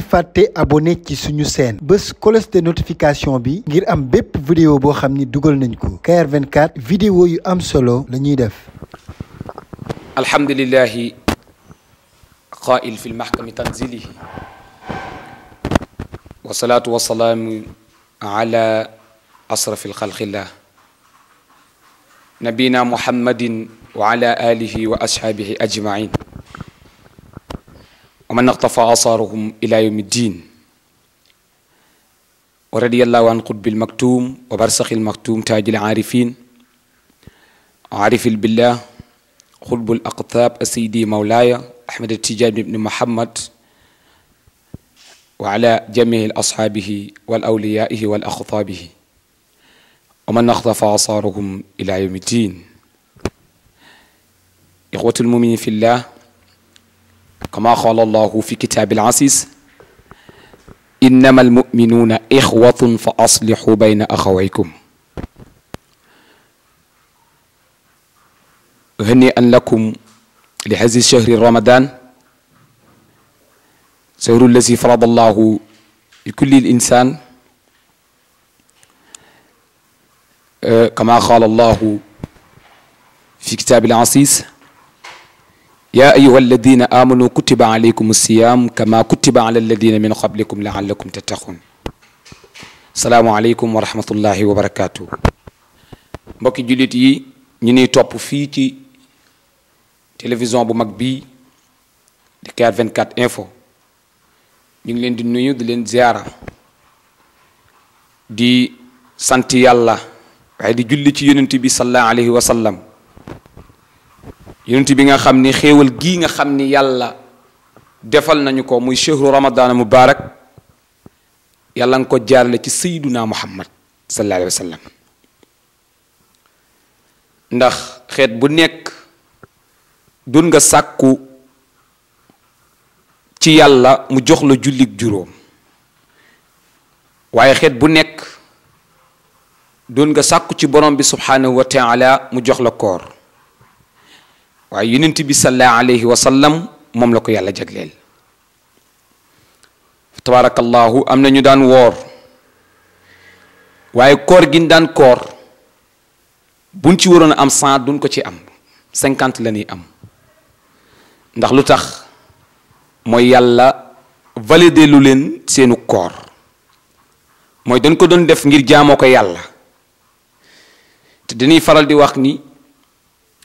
di fàtte abonné ci suñu chaîne bés cloche de notification bi ngir am bép vidéo bo xamni duggal nañ ko kr 24 vidéo yu am solo la ñuy def alhamdulillahi qaa'il fi lmaxkami tanzilihi wa salam ala asraf al-khalq alxalqillah nabina muhammadin wa ala alihi wa ashaabihi ajmain ومن اقتفى آثارهم إلى يوم الدين ورضي الله عن قطب المكتوم وبرسخ المكتوم تاج العارفين عارف بالله قطب الأقطاب السيدي مولاي أحمد التجاب بن محمد وعلى جميع أصحابه والأوليائه والأخطابه ومن اخطف آثارهم إلى يوم الدين إخوة المؤمنين في الله كما قال الله في كتاب العزيز إنما المؤمنون إخوة فأصلحوا بين أخويكم هنيئا لكم لهذا الشهر رمضان شهر الذي فرض الله لكل الإنسان آه، كما قال الله في كتاب العزيز يا أيها الذين آمنوا كتب عليكم الصيام كما كتب على الذين من قبلكم لعلكم تتقون السلام عليكم ورحمة الله وبركاته مكي جلتي نيني توب في تلفزيون بو مكبي دي كار 24 انفو نيغ لين دي نويو دي لين زيارة دي سانتي الله عيد جلتي يونتي بي صلى الله عليه وسلم yonent bi nga xam ni xéewal gii nga xam ni yàlla defal nañu ko muy chehru ramadan mubarak yàlla nga ko jaarale ci sayyiduna muhammad sallallahu alayhi wa sallam ndax xeet bu nekk dun nga sàkku ci yàlla mu jox la jullik juróom waaye xeet bu nekk dun nga sàkku ci borom bi subhanahu wa taala mu jox la koor waaye yonent bi sallallahu alayhi wa sallam moom la ko yàlla jagleel tabaarakallahu am na ñu daan woor waaye koor gi ñu daan koor buñ ci waroon a am cent duñ ko ci am cinquante la ñuy am ndax lu tax mooy yàlla validé lu leen seenu koor mooy dañ ko doon def ngir jaamoo ko yàlla te dañuy faral di wax ni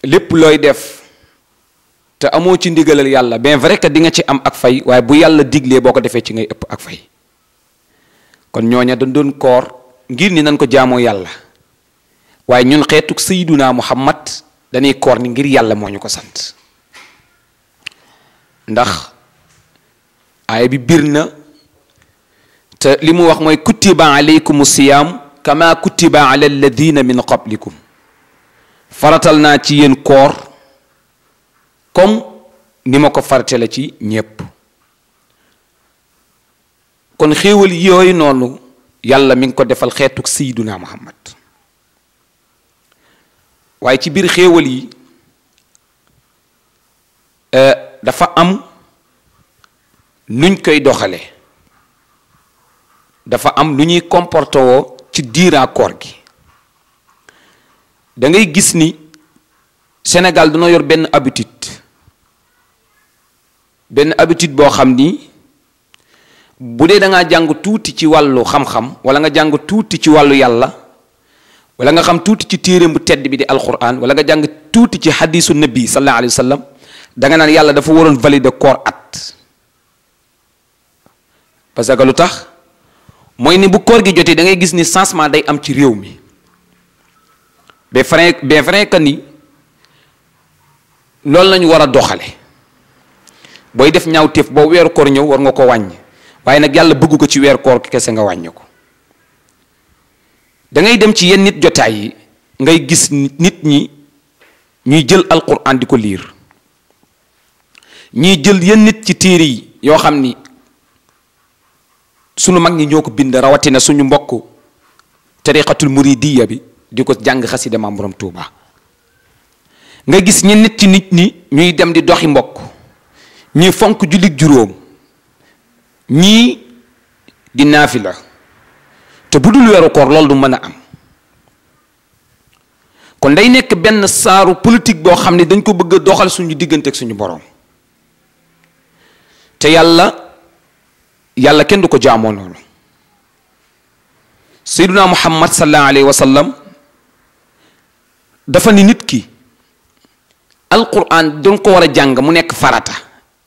lépp looy def te amoo ci ndigalal yàlla bien vrai que di nga ci am ak fay waaye bu yàlla diglee boo ko defee ci ngay ëpp ak fay kon ñooña dañ doon koor ngir ni nañ ko jaamoo yàlla waaye ñun xeetuk sayyiduna muhammad dañuy koor ni ngir yàlla moo ñu ko sant ndax aaya bi bir na te li mu wax mooy kutiba alaykum siyaam kama kutiba ala alladina min qablikum faratal naa ci yéen koor comme ni ma ko fartale ci ñépp kon xéewal yooyu noonu yàlla mi ngi ko defal xeetu naa muhammad waaye ci biir xéewal yi euh, dafa am nuñ koy doxale dafa am lu ñuy comporte woo ci diiraa koor gi da gis ni Sénégal dana yor benn habitude benn habitude boo xam ni bu dee da ngaa jàng tuuti ci wàllu xam-xam wala nga jàng tuuti ci wàllu yàlla walla nga xam tuuti ci téeréem bu tedd bi di alquran wala nga jàng tuuti ci hadisu nabi sallallahu alayhi wa sallam da nga naan yàlla dafa waroon valider koor at parce que lu tax mooy ni bu koor gi jotee da ngay gis ni changement day am ci réew mi ba vrai bien vrai que ni loolu lañu war a doxale boy def ñaawteef bo wër koor ñew war nga ko wañ waye nak yalla bëgg ko ci wër koor kese nga wañ ko da ngay dem ci yeen nit jotay yi ngay gis nit ñi ñuy jël alquran diko lire ñuy jël yeen nit ci téré yi yo xamni ni sunu mag ñi ñoko bind rawati na suñu mbokk tariqatul muridiyya bi diko jang jàng maam borom touba nga gis ñi nit ci nit ñi ñuy dem di doxi mbokk ñi fonk jullit juróom ñii di naafila te bu dul weeru koor loolu du mën a am kon day nekk benn saaru politik boo xam ne dañ ko bëgg a doxal suñu diggante ak suñu boroom te yàlla yàlla kenn du ko jaamoo noonu sayduna muhammad sallallahu alayhi wa sallam dafa ni nit ki alquran dañ ko war a jàng mu nekk farata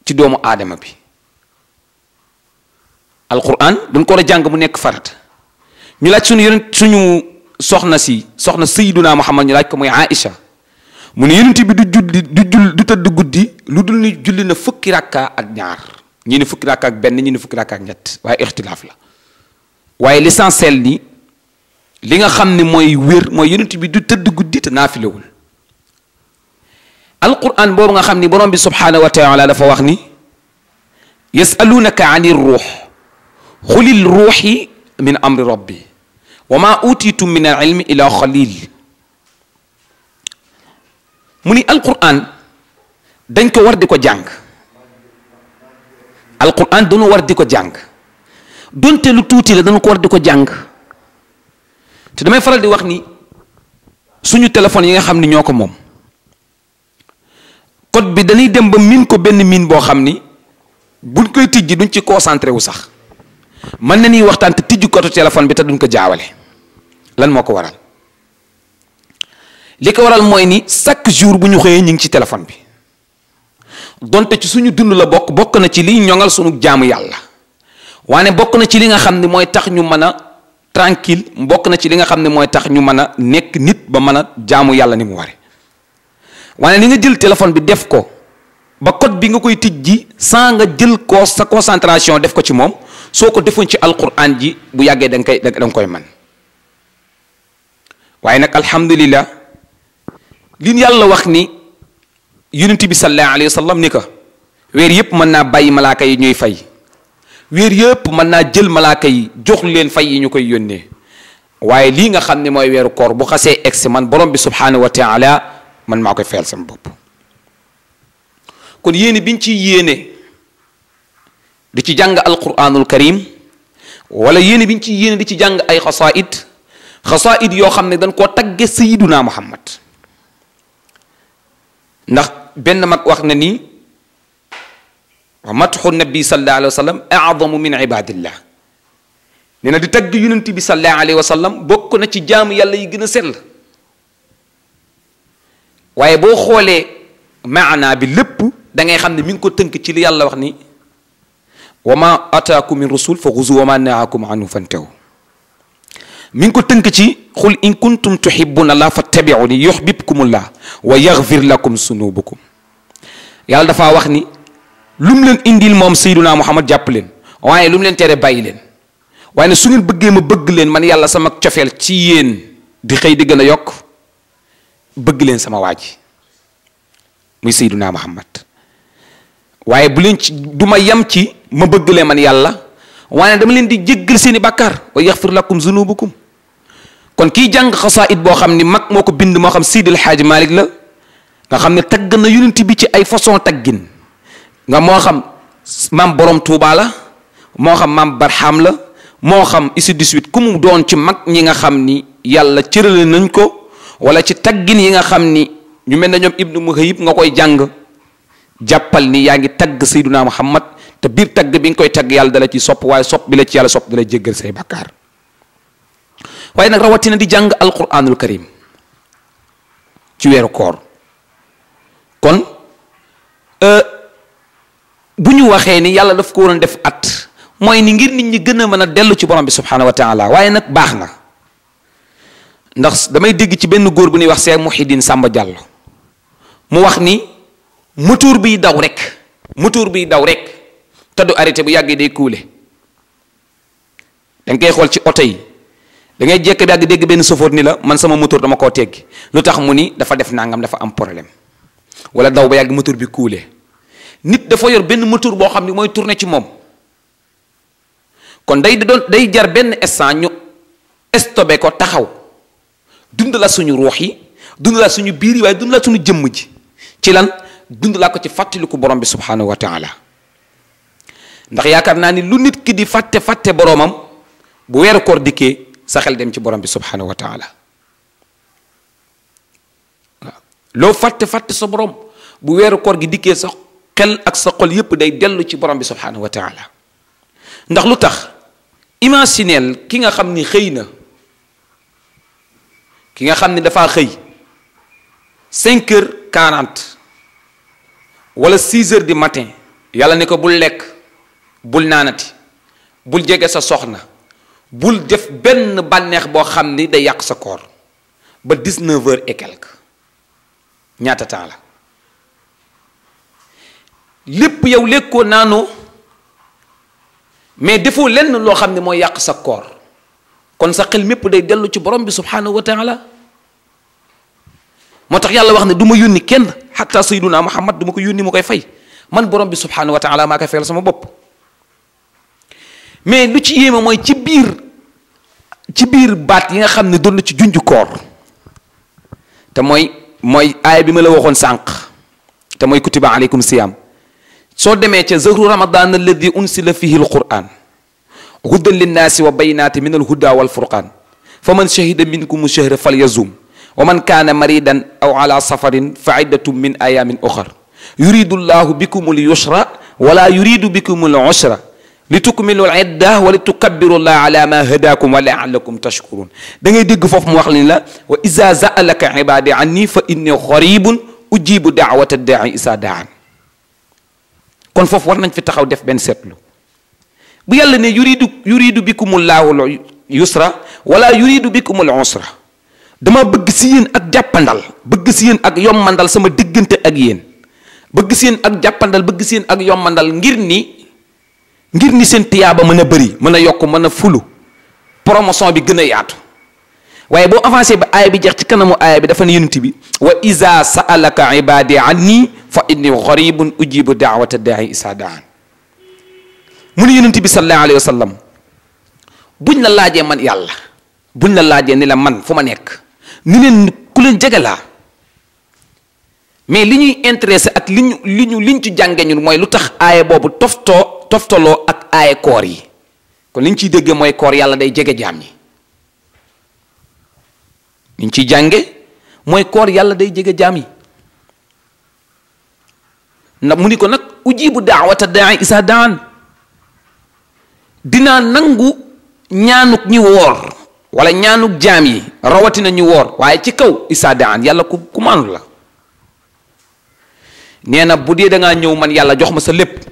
ci doomu aadama bi alquran duñ ko la jàng mu nek farata ñu laaj suñu yonent suñu soxna si soxna sayyiduna muhammad ñu laaj ko muy aïcha mu ne yonent bi du julli du jul du tëdd guddi lu dul ni julli na fukki rakka ak ñaar ñi ni fukki rakka ak ben ñi ni fukki rakka ak ñett way ikhtilaf la waaye l'essentiel ni li nga xamni moy wér moy yonent bi du tëdd guddi te nafilewul القران بوبا خامني بروم بي سبحانه وتعالى دا فاخني يسالونك عن الروح قل الروح من امر ربي وما اوتيت من العلم الى خليل مني القران دنجو ور ديكو جانغ القران دونو ور ديكو جانغ دونتي توتي لا دونكو ور ديكو جانغ تي دامي فرال تلفوني يا سونو تليفون ييغا code bi dañuy dem ba miin ko benn miin boo xam ni buñ koy tijji duñ ci concentré wu sax mën na ñuy waxtaan te tijji code téléphone bi te duñ ko jaawale lan moo ko waral li ko waral mooy ni chaque jour bu ñu xëyee ñu ngi ci téléphone bi donte ci suñu dund la bokk bokk na ci liy ñoŋal suñu jaamu yàlla waane bokk na ci li nga xam ne mooy tax ñu mën a tranquille bokk na ci li nga xam ne mooy tax ñu mën a nekk nit ba mën a jaamu yàlla ni mu ware waane ni nga jël téléphone bi def ko ba code bi nga koy tijji sans nga jël ko sa concentration def ko ci moom soo ko defoon ci alquran ji bu yàggee danga koy da nga koy man waaye nag alhamdulilah li yàlla wax ni yonent bi sallallahu alayhi wa sallam ko weer yëpp mën naa bàyyi malaaka yi ñuy fay weer yëpp mën naa jël malaaka yi jox leen fay yi ñu koy yónnee lii nga xam ni mooy weeru koor bu xasee egsi man borom bi subhanahu wa taala man mako koy fayal sama bop kon yene biñ ci yene di ci jàng alquranul karim wala yene biñ ci yene di ci jàng ay khasa'id khasa'id yo xamne dañ ko tagge sayyiduna muhammad ndax ben mak wax na ni wa matxu nabi sallallahu alayhi wa sallam aadamu min ibadillah nee na di tagg yonent bi sallallahu alayhi wa sallam bokk na ci jaamu yàlla yi gën a waaye boo xoolee maanaa bi lépp da ngay xam ne mi ngi ko tënk ci li yàlla wax ni wa ma ataakum min rusul fa xuzu wa ma nahaakum anhu fantahu mi ngi ko tënk ci xul in kuntum tuhibbuna allah fattabi'uni yuhbibkum allah wa yaghfir lakum sunubukum yàlla dafa wax ni lu mu leen indil moom sayyiduna muhammad jàpp leen waaye lu mu leen tere bàyyi leen waaye ne su ngeen bëggee ma bëgg leen man yàlla sama cofeel ci yéen di xëy di gën a yokk bëgg leen sama waa ji muy naa Muhammad waaye bu leen ci du ma yem ci ma bëgg leen man yàlla waaye dama leen di jéggal seeni bàkkaar wa yaxfir lakum zunubukum kon kiy jàng xasaayid boo xam ni mag moo ko bind moo xam Seydil Xaaji Malik la nga xam ne tagg na yonent bi ci ay façon taggin nga moo xam maam boroom tuubaa la moo xam maam Barham la moo xam ici 18 ku mu doon ci mag ñi nga xam ni yàlla cërale nañ ko wala ci taggin yi nga xamni ñu melni ñom ibnu muhayib nga koy japal jappal ni yaangi tagg sayyiduna muhammad te bir tagg bi ngi koy tagg yalla dala ci sop way sop bi la ci yalla sop dala jéggal say way nak rawati na di jang alquranul karim ci wéru koor kon euh buñu waxé ni yalla daf ko won def at moy ni ngir nit ñi gëna mëna delu ci borom bi subhanahu wa taala waye nak baxna ndax damay dégg ci benn góor bu ni wax Cheikh Mouhidine Samba Diallo mu wax ni moteur bi daw rek moteur bi daw rek te du arrêté bu yàggee day kuule da ngay xool ci oto yi da ngay jekk bi benn sofoor ni la man sama moteur dama koo teggi lu tax mu ni dafa def nangam dafa am problème wala daw ba yàgg moteur bi kuule nit dafa yor benn moteur boo xam ne mooy tourné ci moom kon day doon day jar benn instant ñu stopé ko taxaw dund la suñu ruux dund la suñu biir yi waaye la suñu jëmm ji ci lan dund la ko ci fàttaliku borom bi subhanahu wa taala ndax yaakaar naa ni lu nit ki di fàtte fàtte boromam bu weeru koor dikkee sa xel dem ci borom bi subhanahu wa taala waaw loo fàtte fàtte sa borom bu weeru koor gi dikkee sa xel ak sa xol yépp day dellu ci borom bi subhanahu wa taala ndax lu tax imagineel ki nga xam ni xëy na ki nga xam ne dafa xëy 5 heures 40 wala 6 heures du matin yàlla ne ko bul lekk bul naanati bul jege sa soxna bul def benn bànneex boo xam ni day yàq sa koor ba 19 heures et quelque ñaata temps la lépp yow lekkoo naanoo mais defoo lenn loo xam ne mooy yàq sa koor kon sa xel mépp day dellu ci borom bi subhanahu wa taala moo tax yàlla wax ne du ma yónni kenn xataa sayduna muhammad du ma ko yónni mu koy fay man borom bi subhanahu wa taala maa koy fayal sama bopp mais lu ci yéeme mooy ci biir ci biir baat yi nga xam ne doon na ci junj koor te mooy mooy aaya bi ma la waxoon sànq te mooy kutiba alaykum siyaam soo demee ca zahru ramadan alladi unsila fihi alquran هدى للناس وبينات من الهدى والفرقان فمن شهد منكم الشهر فليزوم ومن كان مريدا أو على سفر فعدة من أيام أخر يريد الله بكم اليسر ولا يريد بكم العسر لتكملوا العدة ولتكبروا الله على ما هداكم ولعلكم تشكرون دا ngay dégg foofu mu wax leen la wa iza za'alaka ibadi anni fa inni qaribun ujibu da'wata da'i isa da'an kon foofu war nañ bu yàlla ne yuridu yuridu bikum laawul yusra wala yuridu bikumul usra dama bëgg si yéen ak jàppandal bëgg si yéen ak yommandal sama diggante ak yéen bëgg si yéen ak jàppandal bëgg si yéen ak yommandal ngir ni ngir ni seen tiyaaba mën a bëri mën a yokk mën a fulu promotion bi gën a yaatu waaye boo avancé ba aaya bi jeex ci kanamu aaya bi dafa ne yonent bi wa iza sa'alaka ibadi anni fa inni qaribun ujibu da'wata da'i isa mu ne yonent bi sallallahu alayhi wa sallam buñ la laajee man yàlla buñ la laajee ni la man fu ma nekk ni leen ku leen jege laa mais li ñuy intéressé ak li ñu li ñu liñ ci jànge ñun mooy lu tax aaya boobu toftoo toftaloo ak koor yi kon liñ ciy dégge mooy koor yàlla day jege jaam ñi liñ ciy jànge mooy koor yàlla day jege jaam yi ndax mu ni ko nag ujibu daawata daa isa daan dina nangu ñaanuk ñi wor wala ñaanuk jaam yi rawatina ñu wor waye ci kaw daan yalla ku ku man la neena na bu di da nga ñew man yalla jox ma sa lepp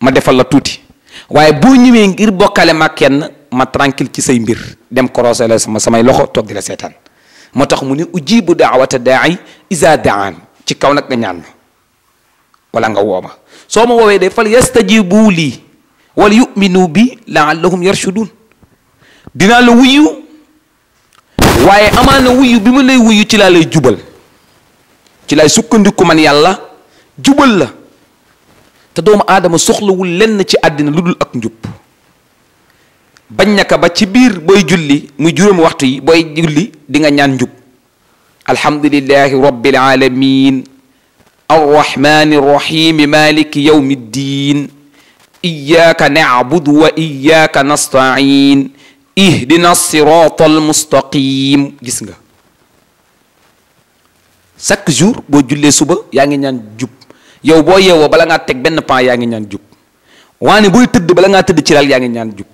ma defal la tuti waye bo ñewé ngir bokalé ma kenn ma tranquille ci say mbir dem korosé la sama samay loxo tok di la seetaan mu ni ujibu da'wata da'i iza daan ci kaw nak nga ñaan wala nga woo so ma fal yastajibu wala yu'minu bi la'allahum yarshudun dinaa la wuyu waaye amaana wuyu bi ma lay wuyu ci laa lay jubal ci laay sukkandiku man yàlla jubal la te doomu aadama soxlawul lenn ci àddina lu dul ak njub bañ naka ba ci biir booy julli muy juróomi waxtu yi booy julli di nga ñaan njub alhamdulillahi rabbil alamin arrahmani arrahimi maliki yawmi ddin iyyaka na'budu wa iyyaka nasta'in ihdina siratal mustaqim gis nga chaque jour boo jullee suba yaa ngi ñaan jub yow boo yeewoo bala ngaa teg benn pan yaa ngi ñaan jub waane booy tëdd bala ngaa tëdd ci lal yaa ngi ñaan jub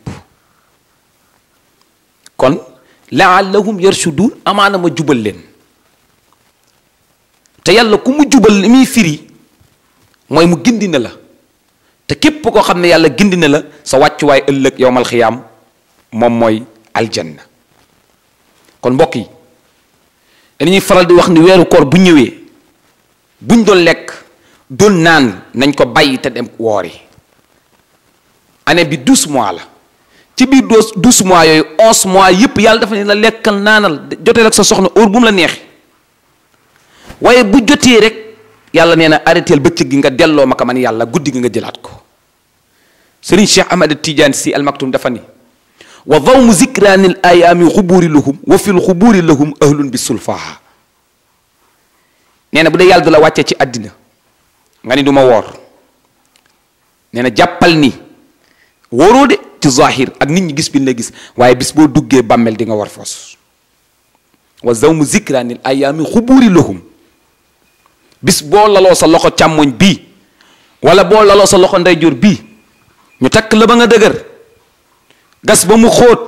kon laallahum yarshudun amaana ma jubal leen te yàlla ku mu jubal li muy firi mooy mu gindi na la te képp koo xam ne yàlla gindi na la sa wàccuwaay ëllëg yowmal xiyaam moom mooy aljanna kon mbokk yi dañuy faral di wax ni weeru koor bu ñëwee buñ doon lekk doon naan nañ ko bàyyi te dem woori année bi douze mois la ci biir douze mois yooyu onze mois yépp yàlla dafa ne la lekkal naanal joteel rek sa soxna óor bu mu la neex waaye bu jotee rek yàlla nee na arrêté bëccëg gi nga delloo ma ko man yàlla guddi nga jëlaat ko sëriñ Cheikh Ahmed Tidiane si almaktum dafa ni wa dawmu zikraani l ayaami xubuuri lahum wa fi l xubuuri lahum ahlun bi sulfaha nee na bu dee yàlla du la wàccee ci àddina nga ni du ma jàppal ni wóoroo de ci zahir ak nit ñi gis bi la gis waaye bis boo duggee bàmmel di nga war foos wa dawmu zikraani l ayaami xubuuri lahum bis boo laloo sa loxo càmmoñ bii wala boo laloo sa loxo ndeyjoor bii ñu takk la ba nga dëgër gas ba mu xóot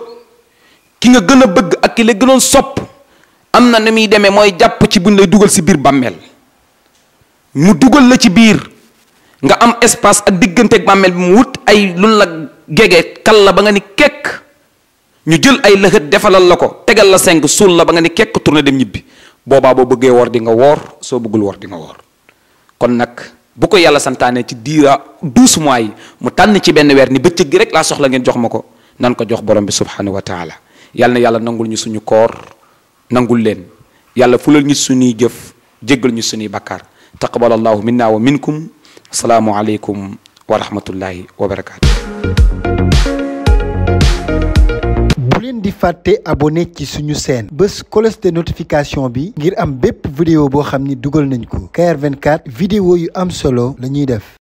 ki nga gën a bëgg ak ki la gënoon sopp am na ni muy demee mooy jàpp ci buñ lay dugal si biir bàmmeel mu dugal la ci biir nga am espace ak digganteeg bàmmeel bi mu wut ay luñ la gege kal la ba nga ni kekk ñu jël ay lëxët defalal la ko tegal la seng suul la ba nga ni kekk tourné dem ñibbi boobaa boo bëggee woor di nga woor soo bëggul wor di woor kon nag bu ko yàlla santaane ci diira douze mois yi mu tànn ci benn weer ni bëccëg gi rek laa soxla ngeen jox ma ko nan ko jox borom bi subhanahu wa taala yàlla na yàlla nangul ñu suñu koor nangul leen yàlla fulal ñu suñuy jëf jéggal ñu suñuy bakkaar taqabal allahu minna wa minkum asalaamu aleykum wa rahmatullahi wa barakaatu leen di fàtte abonné ci suñu chaîne bés cloche de notification bi ngir am bépp vidéo boo xam ni dugal nañ ko. KR24 vidéo yu am solo la ñuy def.